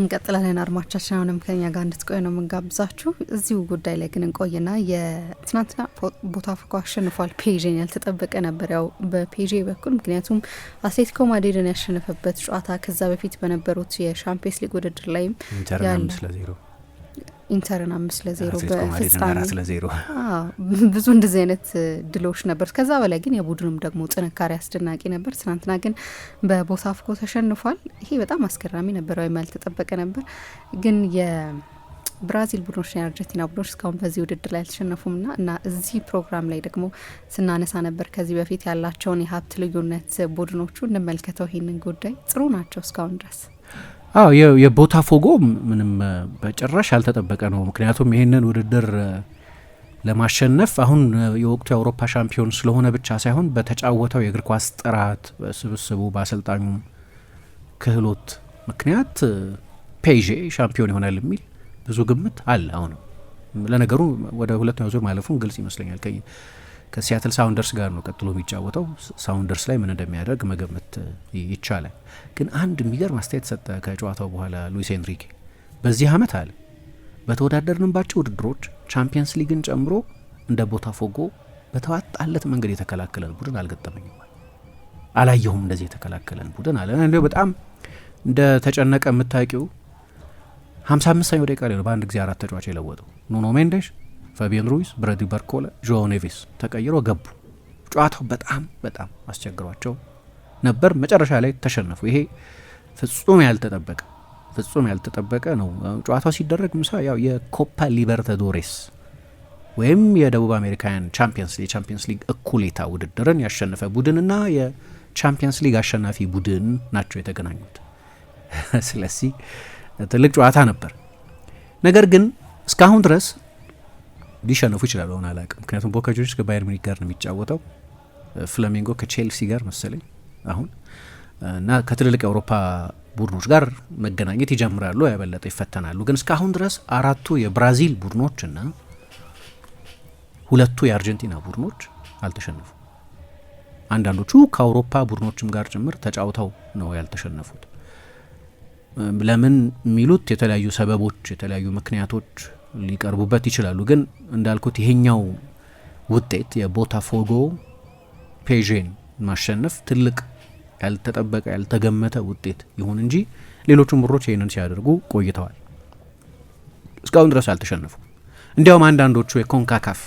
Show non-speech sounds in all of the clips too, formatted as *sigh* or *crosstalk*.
እንቀጥላለን። አድማቻችን አሁንም ከኛ ጋር እንድትቆዩ ነው የምንጋብዛችሁ። እዚሁ ጉዳይ ላይ ግን እንቆይና የትናንትና ቦታፎጎ አሸንፏል ፔዥን ያልተጠበቀ ነበር ያው በፔዥ በኩል ምክንያቱም አትሌቲኮ ማድሪድን ያሸነፈበት ጨዋታ ከዛ በፊት በነበሩት የሻምፒየንስ ሊግ ውድድር ላይም ኢንተርን አምስት ለዜሮ በፍጻሜ *laughs* ብዙ እንደዚህ አይነት ድሎች ነበር። ከዛ በላይ ግን የቡድኑም ደግሞ ጥንካሬ አስደናቂ ነበር። ትናንትና ግን በቦታፎጎ ተሸንፏል። ይሄ በጣም አስገራሚ ነበር፣ ወይም ያልተጠበቀ ነበር። ግን የብራዚል ቡድኖች ና የአርጀንቲና ቡድኖች እስካሁን በዚህ ውድድር ላይ አልተሸነፉም ና እና እዚህ ፕሮግራም ላይ ደግሞ ስናነሳ ነበር ከዚህ በፊት ያላቸውን የሀብት ልዩነት ቡድኖቹ እንመልከተው። ይህንን ጉዳይ ጥሩ ናቸው እስካሁን ድረስ አዎ ፎጎ ምንም በጭራሽ ያልተጠበቀ ነው። ምክንያቱም ይህንን ውድድር ለማሸነፍ አሁን የወቅቱ የአውሮፓ ሻምፒዮን ስለሆነ ብቻ ሳይሆን በተጫወተው የእግር ኳስ ጥራት፣ በስብስቡ በአሰልጣኙ ክህሎት ምክንያት ፔዤ ሻምፒዮን ይሆናል የሚል ብዙ ግምት አለ። አሁንም ለነገሩ ወደ ሁለተኛው ዙር ማለፉን ግልጽ ይመስለኛል። ከሲያትል ሳውንደርስ ጋር ነው ቀጥሎ የሚጫወተው። ሳውንደርስ ላይ ምን እንደሚያደርግ መገመት ይቻላል። ግን አንድ የሚገርም አስተያየት ሰጠ ከጨዋታው በኋላ ሉዊስ ኤንሪኬ በዚህ አመት አለ በተወዳደርንባቸው ውድድሮች ቻምፒየንስ ሊግን ጨምሮ እንደ ቦታፎጎ በተዋጣለት መንገድ የተከላከለን ቡድን አልገጠመኝም፣ አላየሁም እንደዚህ የተከላከለን ቡድን አለ። እንዲ በጣም እንደ ተጨነቀ የምታውቂው 55ኛው ደቂቃ ላይ ነው በአንድ ጊዜ አራት ተጫዋች የለወጠው ኑኖ ሜንዴሽ ፋቢያን ሩይስ፣ ብረዲ በርኮለ፣ ጆዋ ኔቬስ ተቀይሮ ገቡ። ጨዋታው በጣም በጣም አስቸግሯቸው ነበር። መጨረሻ ላይ ተሸነፉ። ይሄ ፍጹም ያልተጠበቀ ፍጹም ያልተጠበቀ ነው። ጨዋታው ሲደረግ ምሳ ያው የኮፓ ሊበርታዶሬስ ወይም የደቡብ አሜሪካውያን ቻምፒየንስ የቻምፒየንስ ሊግ እኩሌታ ውድድርን ያሸነፈ ቡድንና የቻምፒየንስ ሊግ አሸናፊ ቡድን ናቸው የተገናኙት። *laughs* ስለዚህ ትልቅ ጨዋታ ነበር። ነገር ግን እስካሁን ድረስ ሊሸነፉ ይችላሉ። አሁን አላውቅም፣ ምክንያቱም ቦካ ጆርጅ ከባየር ሚኒክ ጋር ነው የሚጫወተው፣ ፍላሜንጎ ከቼልሲ ጋር መሰለኝ አሁን እና ከትልልቅ የአውሮፓ ቡድኖች ጋር መገናኘት ይጀምራሉ፣ ያበለጠ ይፈተናሉ። ግን እስካሁን ድረስ አራቱ የብራዚል ቡድኖች እና ሁለቱ የአርጀንቲና ቡድኖች አልተሸነፉ። አንዳንዶቹ ከአውሮፓ ቡድኖችም ጋር ጭምር ተጫውተው ነው ያልተሸነፉት። ለምን የሚሉት የተለያዩ ሰበቦች የተለያዩ ምክንያቶች ሊቀርቡበት ይችላሉ። ግን እንዳልኩት ይሄኛው ውጤት የቦታፎጎ ፔዥን ማሸነፍ ትልቅ ያልተጠበቀ ያልተገመተ ውጤት ይሁን እንጂ ሌሎቹ ብሮች ይህንን ሲያደርጉ ቆይተዋል። እስካሁን ድረስ አልተሸነፉ። እንዲያውም አንዳንዶቹ የኮንካካፍ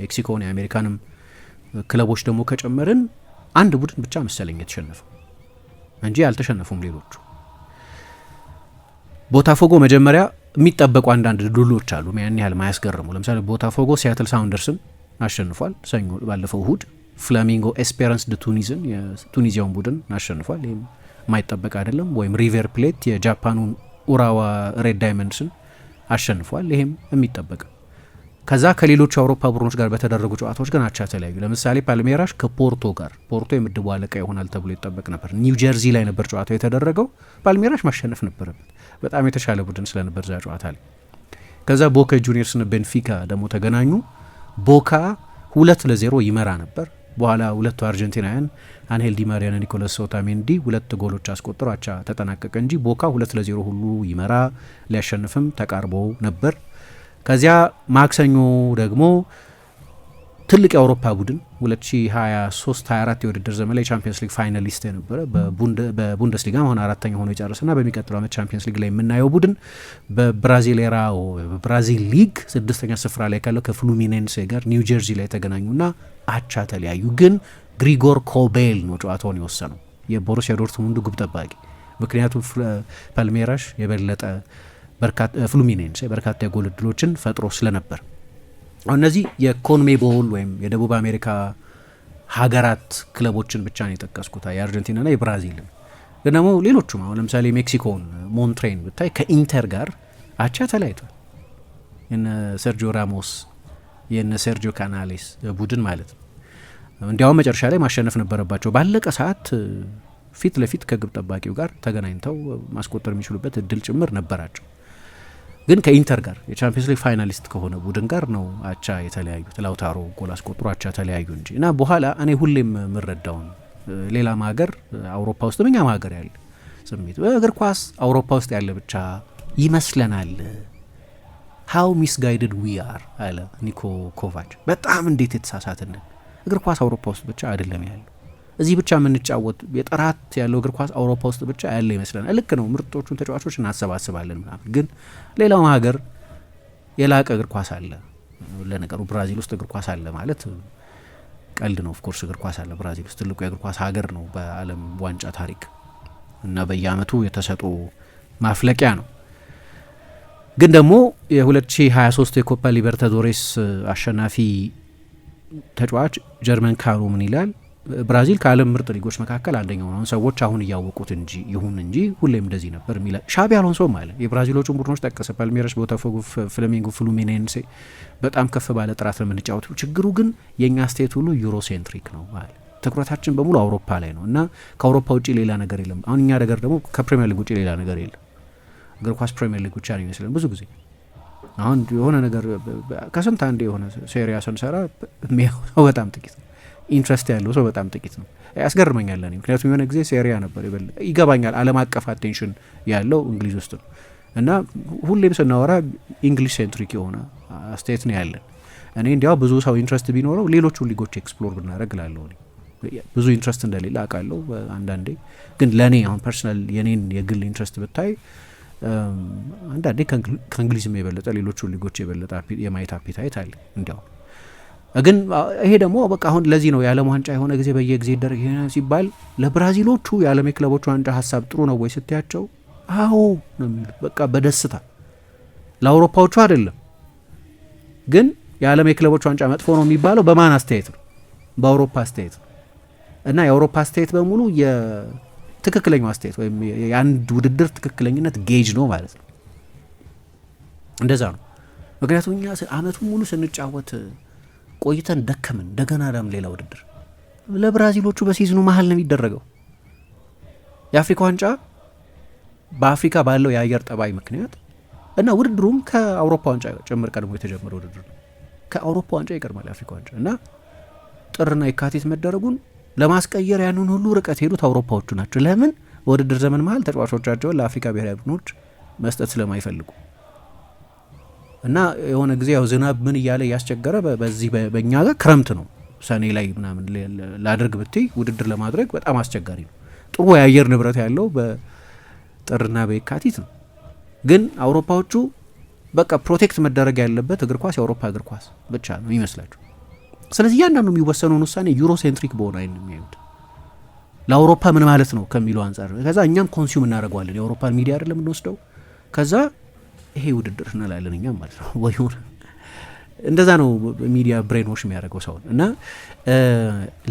ሜክሲኮን የአሜሪካንም ክለቦች ደግሞ ከጨመርን አንድ ቡድን ብቻ መሰለኝ የተሸነፈው እንጂ አልተሸነፉም ሌሎቹ ቦታፎጎ መጀመሪያ የሚጠበቁ አንዳንድ ድሎች አሉ ያን ያህል ማያስገርሙ። ለምሳሌ ቦታፎጎ ሲያትል ሳውንደርስን አሸንፏል። ሰኞ ባለፈው እሁድ ፍላሚንጎ ኤስፔራንስ ድ ቱኒዝን የቱኒዚያውን ቡድን አሸንፏል። ይህም የማይጠበቅ አይደለም። ወይም ሪቨር ፕሌት የጃፓኑን ኡራዋ ሬድ ዳይመንድስን አሸንፏል። ይህም የሚጠበቅ ከዛ ከሌሎች የአውሮፓ ቡድኖች ጋር በተደረጉ ጨዋታዎች ግን አቻ ተለያዩ። ለምሳሌ ፓልሜራሽ ከፖርቶ ጋር ፖርቶ የምድቡ አለቃ ይሆናል ተብሎ ይጠበቅ ነበር። ኒው ጀርዚ ላይ ነበር ጨዋታው የተደረገው። ፓልሜራሽ ማሸነፍ ነበረበት፣ በጣም የተሻለ ቡድን ስለነበር ዛ ጨዋታ ላይ። ከዛ ቦካ ጁኒየርስና ቤንፊካ ደግሞ ተገናኙ። ቦካ ሁለት ለዜሮ ይመራ ነበር። በኋላ ሁለቱ አርጀንቲናውያን አንሄል ዲ ማሪያና ኒኮላስ ሶታሜንዲ ሁለት ጎሎች አስቆጥሮ አቻ ተጠናቀቀ እንጂ ቦካ ሁለት ለዜሮ ሁሉ ይመራ ሊያሸንፍም ተቃርቦ ነበር። ከዚያ ማክሰኞ ደግሞ ትልቅ የአውሮፓ ቡድን 2023 24 የውድድር ዘመን ላይ የቻምፒየንስ ሊግ ፋይናሊስት የነበረ በቡንደስሊጋ አሁን አራተኛ ሆኖ ና በሚቀጥለው ዓመት ቻምፒየንስ ሊግ ላይ የምናየው ቡድን በብራዚሌራ በብራዚል ሊግ ስድስተኛ ስፍራ ላይ ካለው ከፍሉሚኔንሴ ጋር ኒው ጀርዚ ላይ ና አቻ ተለያዩ። ግን ግሪጎር ኮቤል ነው ጨዋታውን የወሰነው የቦሩሲያ ዶርትሙንዱ ግብ ጠባቂ። ምክንያቱም ፓልሜራሽ የበለጠ ፍሉሚኔንሴ በርካታ የጎል እድሎችን ፈጥሮ ስለነበር እነዚህ የኮንሜቦል ወይም የደቡብ አሜሪካ ሀገራት ክለቦችን ብቻ ነው የጠቀስኩት፣ የአርጀንቲናና የብራዚልን ግን ደግሞ ሌሎቹም አሁን ለምሳሌ ሜክሲኮን ሞንትሬን ብታይ ከኢንተር ጋር አቻ ተለያይቷል። የነ ሰርጂዮ ራሞስ የነ ሰርጂዮ ካናሌስ ቡድን ማለት ነው። እንዲያውም መጨረሻ ላይ ማሸነፍ ነበረባቸው። ባለቀ ሰዓት ፊት ለፊት ከግብ ጠባቂው ጋር ተገናኝተው ማስቆጠር የሚችሉበት እድል ጭምር ነበራቸው። ግን ከኢንተር ጋር የቻምፒየንስ ሊግ ፋይናሊስት ከሆነ ቡድን ጋር ነው አቻ የተለያዩ ላውታሮ ጎል አስቆጥሮ አቻ ተለያዩ እንጂ እና በኋላ እኔ ሁሌም የምረዳውን ሌላም ሀገር አውሮፓ ውስጥ እኛም ሀገር ያለ ስሜት በእግር ኳስ አውሮፓ ውስጥ ያለ ብቻ ይመስለናል። ሀው ሚስ ጋይድድ ዊ አር አለ ኒኮ ኮቫች። በጣም እንዴት የተሳሳትንን እግር ኳስ አውሮፓ ውስጥ ብቻ አይደለም ያለው እዚህ ብቻ የምንጫወት የጥራት ያለው እግር ኳስ አውሮፓ ውስጥ ብቻ ያለ ይመስለናል። ልክ ነው፣ ምርጦቹን ተጫዋቾች እናሰባስባለን ምናምን። ግን ሌላው ሀገር የላቀ እግር ኳስ አለ። ለነገሩ ብራዚል ውስጥ እግር ኳስ አለ ማለት ቀልድ ነው። ኦፍኮርስ እግር ኳስ አለ ብራዚል ውስጥ ትልቁ የእግር ኳስ ሀገር ነው በዓለም ዋንጫ ታሪክ እና በየአመቱ የተሰጦ ማፍለቂያ ነው። ግን ደግሞ የ2023 የኮፓ ሊበርታዶሬስ አሸናፊ ተጫዋች ጀርመን ካሎ ምን ይላል? ብራዚል ከዓለም ምርጥ ሊጎች መካከል አንደኛው ነው። ሰዎች አሁን እያወቁት እንጂ ይሁን እንጂ ሁሌም እንደዚህ ነበር የሚለ ሻቢ አሎንሶም አለ። የብራዚሎቹን ቡድኖች ጠቀሰ። ፓልሜራስ፣ ቦታፎጎ፣ ፍለሚንጎ፣ ፍሉሚኔንሴ በጣም ከፍ ባለ ጥራት ነው የምንጫወተው። ችግሩ ግን የእኛ ስቴት ሁሉ ዩሮሴንትሪክ ነው አለ። ትኩረታችን በሙሉ አውሮፓ ላይ ነው እና ከአውሮፓ ውጭ ሌላ ነገር የለም። አሁን እኛ ነገር ደግሞ ከፕሪሚየር ሊግ ውጭ ሌላ ነገር የለም። እግር ኳስ ፕሪሚየር ሊግ ብቻ ነው ይመስለን ብዙ ጊዜ አሁን የሆነ ነገር ከስንት አንድ የሆነ ሴሪያ ስንሰራ በጣም ጥቂት ነው ኢንትረስት ያለው ሰው በጣም ጥቂት ነው። ያስገርመኛል ምክንያቱም የሆነ ጊዜ ሴሪያ ነበር ይገባኛል፣ ዓለም አቀፍ አቴንሽን ያለው እንግሊዝ ውስጥ ነው እና ሁሌም ስናወራ ኢንግሊሽ ሴንትሪክ የሆነ አስተያየት ነው ያለን። እኔ እንዲያው ብዙ ሰው ኢንትረስት ቢኖረው ሌሎቹ ሊጎች ኤክስፕሎር ብናደረግ ላለው ብዙ ኢንትረስት እንደሌለ አውቃለሁ። አንዳንዴ ግን ለእኔ አሁን ፐርሰናል የኔን የግል ኢንትረስት ብታይ አንዳንዴ ከእንግሊዝም የበለጠ ሌሎቹ ሊጎች የበለጠ የማየት አፒታይት አለ እንዲያው ግን ይሄ ደግሞ በቃ አሁን ለዚህ ነው የዓለም ዋንጫ የሆነ ጊዜ በየጊዜ ይደረግ ሲባል ለብራዚሎቹ የዓለም የክለቦች ዋንጫ ሀሳብ ጥሩ ነው ወይ ስትያቸው፣ አዎ ነው የሚሉት። በቃ በደስታ ለአውሮፓዎቹ አይደለም። ግን የዓለም የክለቦች ዋንጫ መጥፎ ነው የሚባለው በማን አስተያየት ነው? በአውሮፓ አስተያየት ነው። እና የአውሮፓ አስተያየት በሙሉ የትክክለኛው አስተያየት ወይም የአንድ ውድድር ትክክለኝነት ጌጅ ነው ማለት ነው። እንደዛ ነው። ምክንያቱም እኛ አመቱን ሙሉ ስንጫወት ቆይተን ደከምን። እንደገና ደም ሌላ ውድድር ለብራዚሎቹ በሲዝኑ መሀል ነው የሚደረገው። የአፍሪካ ዋንጫ በአፍሪካ ባለው የአየር ጠባይ ምክንያት እና ውድድሩም ከአውሮፓ ዋንጫ ጭምር ቀድሞ የተጀመረ ውድድር ነው። ከአውሮፓ ዋንጫ ይቀድማል የአፍሪካ ዋንጫ እና ጥርና የካቲት መደረጉን ለማስቀየር ያንን ሁሉ ርቀት ሄዱት አውሮፓዎቹ ናቸው። ለምን በውድድር ዘመን መሀል ተጫዋቾቻቸውን ለአፍሪካ ብሔራዊ ቡድኖች መስጠት ስለማይፈልጉ እና የሆነ ጊዜ ያው ዝናብ ምን እያለ እያስቸገረ በዚህ በእኛ ጋር ክረምት ነው ሰኔ ላይ ምናምን ላድርግ ብትይ ውድድር ለማድረግ በጣም አስቸጋሪ ነው። ጥሩ የአየር ንብረት ያለው በጥርና በየካቲት ነው። ግን አውሮፓዎቹ በቃ ፕሮቴክት መደረግ ያለበት እግር ኳስ የአውሮፓ እግር ኳስ ብቻ ነው ይመስላቸው። ስለዚህ እያንዳንዱ የሚወሰነውን ውሳኔ ዩሮሴንትሪክ በሆነ አይን የሚያዩት ለአውሮፓ ምን ማለት ነው ከሚለው አንጻር ከዛ እኛም ኮንሱም እናደርገዋለን። የአውሮፓን ሚዲያ አይደለም እንወስደው ከዛ ይሄ ውድድር እንላለን እኛም ማለት ነው ወይ እንደዛ ነው ሚዲያ ብሬንዎች የሚያደርገው ሰውን እና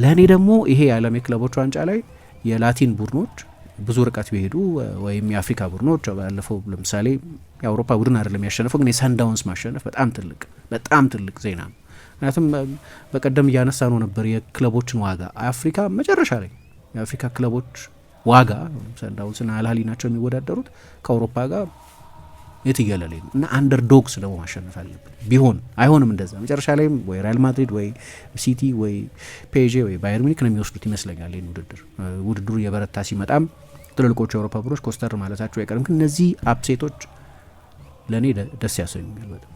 ለእኔ ደግሞ ይሄ የዓለም የክለቦች ዋንጫ ላይ የላቲን ቡድኖች ብዙ ርቀት ቢሄዱ ወይም የአፍሪካ ቡድኖች ባለፈው ለምሳሌ የአውሮፓ ቡድን አይደለም ያሸነፈው፣ ግን የሳንዳውንስ ማሸነፍ በጣም ትልቅ በጣም ትልቅ ዜና ነው። ምክንያቱም በቀደም እያነሳ ነው ነበር የክለቦችን ዋጋ አፍሪካ መጨረሻ ላይ የአፍሪካ ክለቦች ዋጋ ሳንዳውንስና አልሃሊ ናቸው የሚወዳደሩት ከአውሮፓ ጋር የትየለሌ ነው እና አንደርዶግስ ደግሞ ማሸነፍ አለብን። ቢሆን አይሆንም እንደዛ መጨረሻ ላይም ወይ ሪያል ማድሪድ ወይ ሲቲ ወይ ፔዤ ወይ ባየር ሚኒክ ነው የሚወስዱት ይመስለኛል ይህን ውድድር። ውድድሩ የበረታ ሲመጣም ትልልቆቹ የአውሮፓ ቡድኖች ኮስተር ማለታቸው አይቀርም። ግን እነዚህ አፕሴቶች ለእኔ ደስ ያሰኙኛል በጣም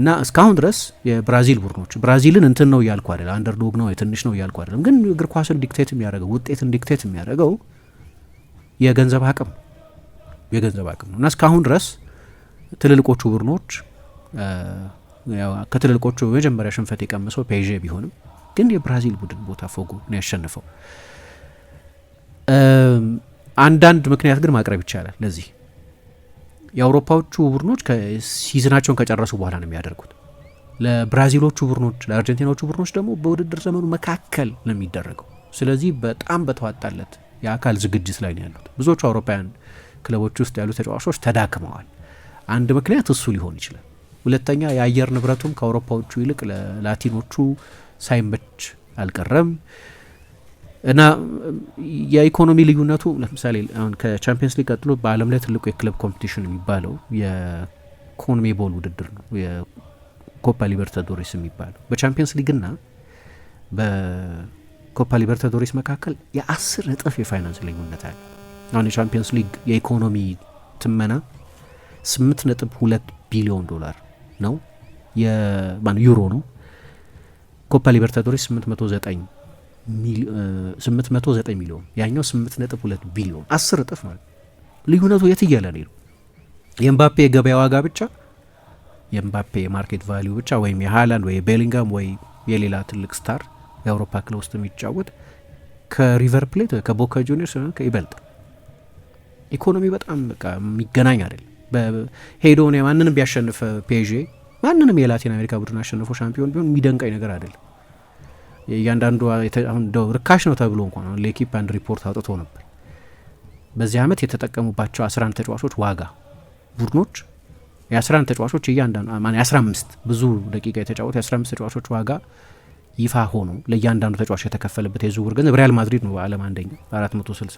እና እስካሁን ድረስ የብራዚል ቡድኖች ብራዚልን እንትን ነው እያልኩ አይደለም፣ አንደርዶግ ነው የትንሽ ነው እያልኩ አይደለም። ግን እግር ኳስን ዲክቴት የሚያደርገው ውጤትን ዲክቴት የሚያደርገው የገንዘብ አቅም የገንዘብ አቅም ነው እና እስካሁን ድረስ ትልልቆቹ ቡድኖች ከትልልቆቹ በመጀመሪያ ሽንፈት የቀመሰው ፔዥ ቢሆንም ግን የብራዚል ቡድን ቦታ ፎጎ ነው ያሸንፈው። አንዳንድ ምክንያት ግን ማቅረብ ይቻላል ለዚህ የአውሮፓዎቹ ቡድኖች ሲዝናቸውን ከጨረሱ በኋላ ነው የሚያደርጉት። ለብራዚሎቹ ቡድኖች፣ ለአርጀንቲናዎቹ ቡድኖች ደግሞ በውድድር ዘመኑ መካከል ነው የሚደረገው። ስለዚህ በጣም በተዋጣለት የአካል ዝግጅት ላይ ነው ያሉት። ብዙዎቹ አውሮፓውያን ክለቦች ውስጥ ያሉ ተጫዋቾች ተዳክመዋል። አንድ ምክንያት እሱ ሊሆን ይችላል። ሁለተኛ የአየር ንብረቱም ከአውሮፓዎቹ ይልቅ ለላቲኖቹ ሳይመች አልቀረም እና የኢኮኖሚ ልዩነቱ ለምሳሌ አሁን ከቻምፒየንስ ሊግ ቀጥሎ በዓለም ላይ ትልቁ የክለብ ኮምፒቲሽን የሚባለው የኮንሜቦል ውድድር ነው፣ የኮፓ ሊበርታዶሬስ የሚባለው። በቻምፒየንስ ሊግና በኮፓ ሊበርታዶሬስ መካከል የአስር እጥፍ የፋይናንስ ልዩነት አለ። አሁን የቻምፒየንስ ሊግ የኢኮኖሚ ትመና 8.2 ቢሊዮን ዶላር ነው ዩሮ ነው። ኮፓ ሊበርታዶሬስ 809 ሚሊዮን ያኛው 8.2 ቢሊዮን አስር እጥፍ ማለት ልዩነቱ የት እያለ ነው? የኤምባፔ የገበያ ዋጋ ብቻ የኤምባፔ የማርኬት ቫሊዩ ብቻ ወይም የሃላንድ ወይ የቤሊንጋም ወይ የሌላ ትልቅ ስታር የአውሮፓ ክለብ ውስጥ የሚጫወት ከሪቨር ፕሌት ከቦካ ጁኒየርስ ይበልጥ ኢኮኖሚ በጣም በቃ የሚገናኝ አይደለም። ሄዶ ማንንም ቢያሸንፈ ፔዤ ማንንም የላቲን አሜሪካ ቡድን አሸንፎ ሻምፒዮን ቢሆን የሚደንቀኝ ነገር አይደለም። እያንዳንዱ ርካሽ ነው ተብሎ እንኳን አሁን ለኪፕ አንድ ሪፖርት አውጥቶ ነበር። በዚህ አመት የተጠቀሙባቸው 11 ተጫዋቾች ዋጋ ቡድኖች የ ተጫዋቾች እያንዳንዱ የአስራ 15 ብዙ ደቂቃ የተጫወቱ የአስራ አምስት ተጫዋቾች ዋጋ ይፋ ሆኖ ለእያንዳንዱ ተጫዋች የተከፈለበት የዝውውር ገንዘብ ሪያል ማድሪድ ነው በአለም አንደኛ መቶ ስልሳ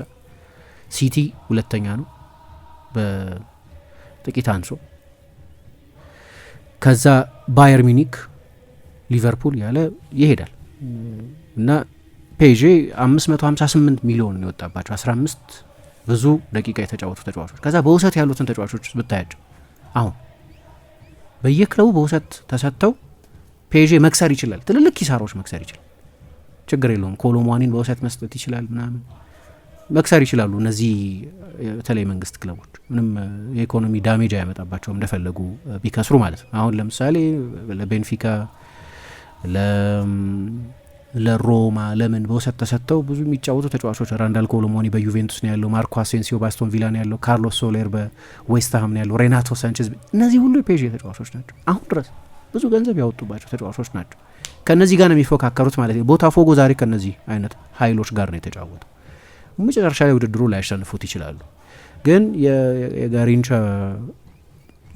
ሲቲ ሁለተኛ ነው። ጥቂት አንሶ ከዛ ባየር ሚኒክ፣ ሊቨርፑል ያለ ይሄዳል እና ፔዤ 558 ሚሊዮን የወጣባቸው አምስት ብዙ ደቂቃ የተጫወቱ ተጫዋቾች ከዛ በውሰት ያሉትን ተጫዋቾች ብታያቸው አሁን በየክለቡ በውሰት ተሰጥተው ፔዤ መክሰር ይችላል። ትልልቅ ኪሳሮች መክሰር ይችላል። ችግር የለውም። ኮሎሟኒን በውሰት መስጠት ይችላል ምናምን መክሰር ይችላሉ። እነዚህ በተለይ መንግስት ክለቦች ምንም የኢኮኖሚ ዳሜጅ አያመጣባቸው እንደፈለጉ ቢከስሩ ማለት ነው። አሁን ለምሳሌ ለቤንፊካ፣ ለሮማ ለምን በውሰት ተሰጥተው ብዙ የሚጫወቱ ተጫዋቾች ራንዳል ኮሎሞኒ በዩቬንቱስ ነው ያለው፣ ማርኮ አሴንሲዮ በአስቶን ቪላ ነው ያለው፣ ካርሎስ ሶሌር በዌስትሃም ነው ያለው፣ ሬናቶ ሳንቼዝ እነዚህ ሁሉ የፔዥ ተጫዋቾች ናቸው። አሁን ድረስ ብዙ ገንዘብ ያወጡባቸው ተጫዋቾች ናቸው። ከእነዚህ ጋር ነው የሚፎካከሩት ማለት ነው። ቦታፎጎ ዛሬ ከእነዚህ አይነት ሀይሎች ጋር ነው የተጫወቱ መጨረሻ ላይ ውድድሩ ላያሸንፉት ይችላሉ። ግን የጋሪንቻ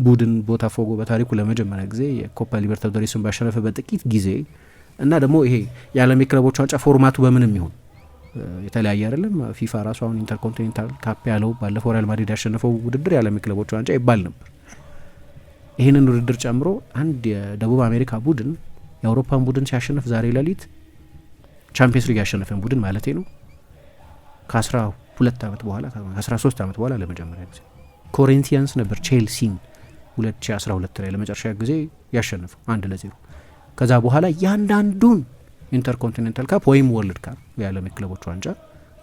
ቡድን ቦታፎጎ በታሪኩ ለመጀመሪያ ጊዜ የኮፓ ሊበርታዶሬሱን ባሸነፈ በጥቂት ጊዜ እና ደግሞ ይሄ የዓለም የክለቦች ዋንጫ ፎርማቱ በምንም ይሁን የተለያየ አይደለም። ፊፋ ራሱ አሁን ኢንተርኮንቲኔንታል ካፕ ያለው ባለፈው ሪያል ማድሪድ ያሸነፈው ውድድር የዓለም የክለቦች ዋንጫ ይባል ነበር። ይህንን ውድድር ጨምሮ አንድ የደቡብ አሜሪካ ቡድን የአውሮፓን ቡድን ሲያሸንፍ ዛሬ ሌሊት ቻምፒየንስ ሊግ ያሸነፈን ቡድን ማለት ነው ከአስራ ሁለት ዓመት በኋላ ከአስራ ሶስት ዓመት በኋላ ለመጀመሪያ ጊዜ ኮሪንቲያንስ ነበር ቼልሲን 2012 ላይ ለመጨረሻ ጊዜ ያሸነፈው አንድ ለዜሮ ከዛ በኋላ ያንዳንዱን ኢንተርኮንቲኔንታል ካፕ ወይም ወርልድ ካፕ የዓለም የክለቦች ዋንጫ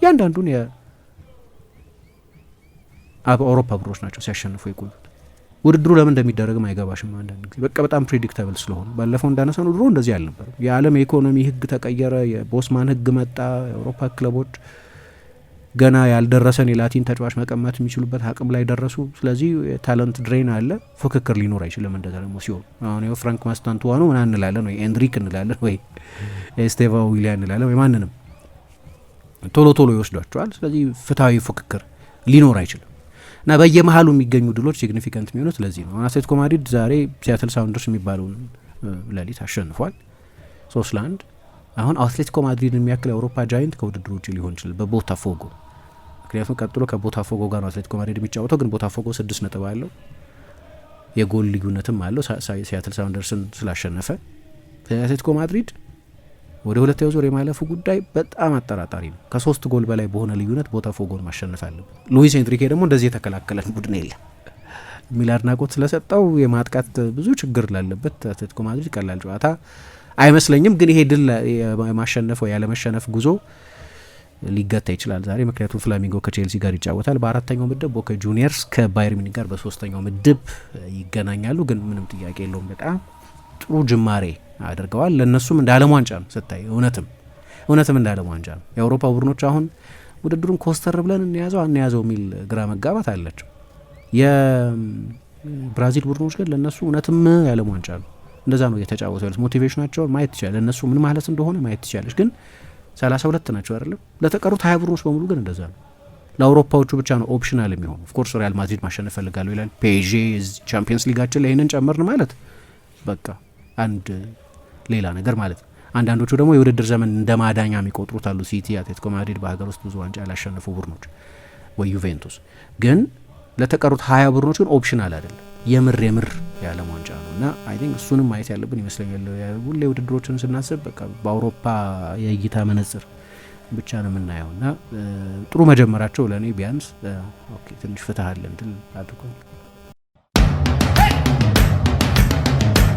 ያንዳንዱን የአውሮፓ ቡድኖች ናቸው ሲያሸንፉ የቆዩት። ውድድሩ ለምን እንደሚደረግም አይገባሽም አንዳንድ ጊዜ በቃ በጣም ፕሬዲክተብል ስለሆነ። ባለፈው እንዳነሳን ድሮ እንደዚህ አልነበረም። የዓለም የኢኮኖሚ ህግ ተቀየረ፣ የቦስማን ህግ መጣ፣ የአውሮፓ ክለቦች ገና ያልደረሰን የላቲን ተጫዋች መቀማት የሚችሉበት አቅም ላይ ደረሱ። ስለዚህ የታለንት ድሬን አለ፣ ፉክክር ሊኖር አይችልም። እንደዛ ደግሞ ሲሆን አሁን ው ፍራንክ ማስታንቱዋኖ ምና እንላለን ወይ ኤንድሪክ እንላለን ወይ ኤስቴቫ ዊሊያ እንላለን ወይ ማንንም ቶሎ ቶሎ ይወስዷቸዋል። ስለዚህ ፍትሐዊ ፉክክር ሊኖር አይችልም እና በየመሀሉ የሚገኙ ድሎች ሲግኒፊካንት የሚሆኑት ለዚህ ነው። አትሌቲኮ ማድሪድ ዛሬ ሲያትል ሳውንደርስ የሚባለውን ሌሊት አሸንፏል ሶስት ለአንድ። አሁን አትሌቲኮ ማድሪድ የሚያክል የአውሮፓ ጃይንት ከውድድር ውጭ ሊሆን ይችላል በቦታ ፎጎ ምክንያቱም ቀጥሎ ከቦታፎጎ ጋር ነው አትሌቲኮ ማድሪድ የሚጫወተው። ግን ቦታፎጎ ስድስት ነጥብ አለው፣ የጎል ልዩነትም አለው ሲያትል ሳውንደርስን ስላሸነፈ። አትሌቲኮ ማድሪድ ወደ ሁለተኛው ዙር የማለፉ ጉዳይ በጣም አጠራጣሪ ነው። ከሶስት ጎል በላይ በሆነ ልዩነት ቦታፎጎን ማሸነፍ አለበት። ሉዊስ ኤንሪኬ ደግሞ እንደዚህ የተከላከለን ቡድን የለም የሚል አድናቆት ስለሰጠው የማጥቃት ብዙ ችግር ላለበት አትሌቲኮ ማድሪድ ቀላል ጨዋታ አይመስለኝም። ግን ይሄ ድል የማሸነፍ ወይ ያለመሸነፍ ጉዞ ሊገታ ይችላል ዛሬ ምክንያቱም ፍላሚንጎ ከቼልሲ ጋር ይጫወታል። በአራተኛው ምድብ ቦካ ጁኒየርስ ከባየር ሚኒክ ጋር በሶስተኛው ምድብ ይገናኛሉ። ግን ምንም ጥያቄ የለውም በጣም ጥሩ ጅማሬ አድርገዋል። ለእነሱም እንደ ዓለም ዋንጫ ነው ስታይ እውነትም እውነትም እንደ ዓለም ዋንጫ ነው። የአውሮፓ ቡድኖች አሁን ውድድሩን ኮስተር ብለን እንያዘው አንያዘው የሚል ግራ መጋባት አላቸው። የብራዚል ቡድኖች ግን ለእነሱ እውነትም የዓለም ዋንጫ ነው። እንደዛ ነው እየተጫወቱ ያሉት። ሞቲቬሽናቸውን ማየት ትችላለች። ለእነሱ ምን ማለት እንደሆነ ማየት ትችላለች ግን ሰላሳ ሁለት ናቸው አይደለም። ለተቀሩት ሀያ ቡድኖች በሙሉ ግን እንደዛ ነው። ለአውሮፓዎቹ ብቻ ነው ኦፕሽናል የሚሆኑ። ኦፍኮርስ ሪያል ማድሪድ ማሸነፍ ፈልጋለሁ ይላል። ፔዤ ቻምፒየንስ ሊጋችን ላይ ይህንን ጨመርን ማለት በቃ አንድ ሌላ ነገር ማለት ነው። አንዳንዶቹ ደግሞ የውድድር ዘመን እንደ ማዳኛ የሚቆጥሩት አሉ። ሲቲ፣ አትሌቲኮ ማድሪድ በሀገር ውስጥ ብዙ ዋንጫ ያላሸነፉ ቡድኖች ወይ ዩቬንቱስ። ግን ለተቀሩት ሀያ ቡድኖች ግን ኦፕሽናል አይደለም የምር የምር የዓለም ዋንጫ ነው እና አይ ቲንክ እሱንም ማየት ያለብን ይመስለኛል። ሁሌ ውድድሮችን ስናስብ በቃ በአውሮፓ የእይታ መነጽር ብቻ ነው የምናየው እና ጥሩ መጀመራቸው ለእኔ ቢያንስ ትንሽ ፍትህ ትል አድርጓል።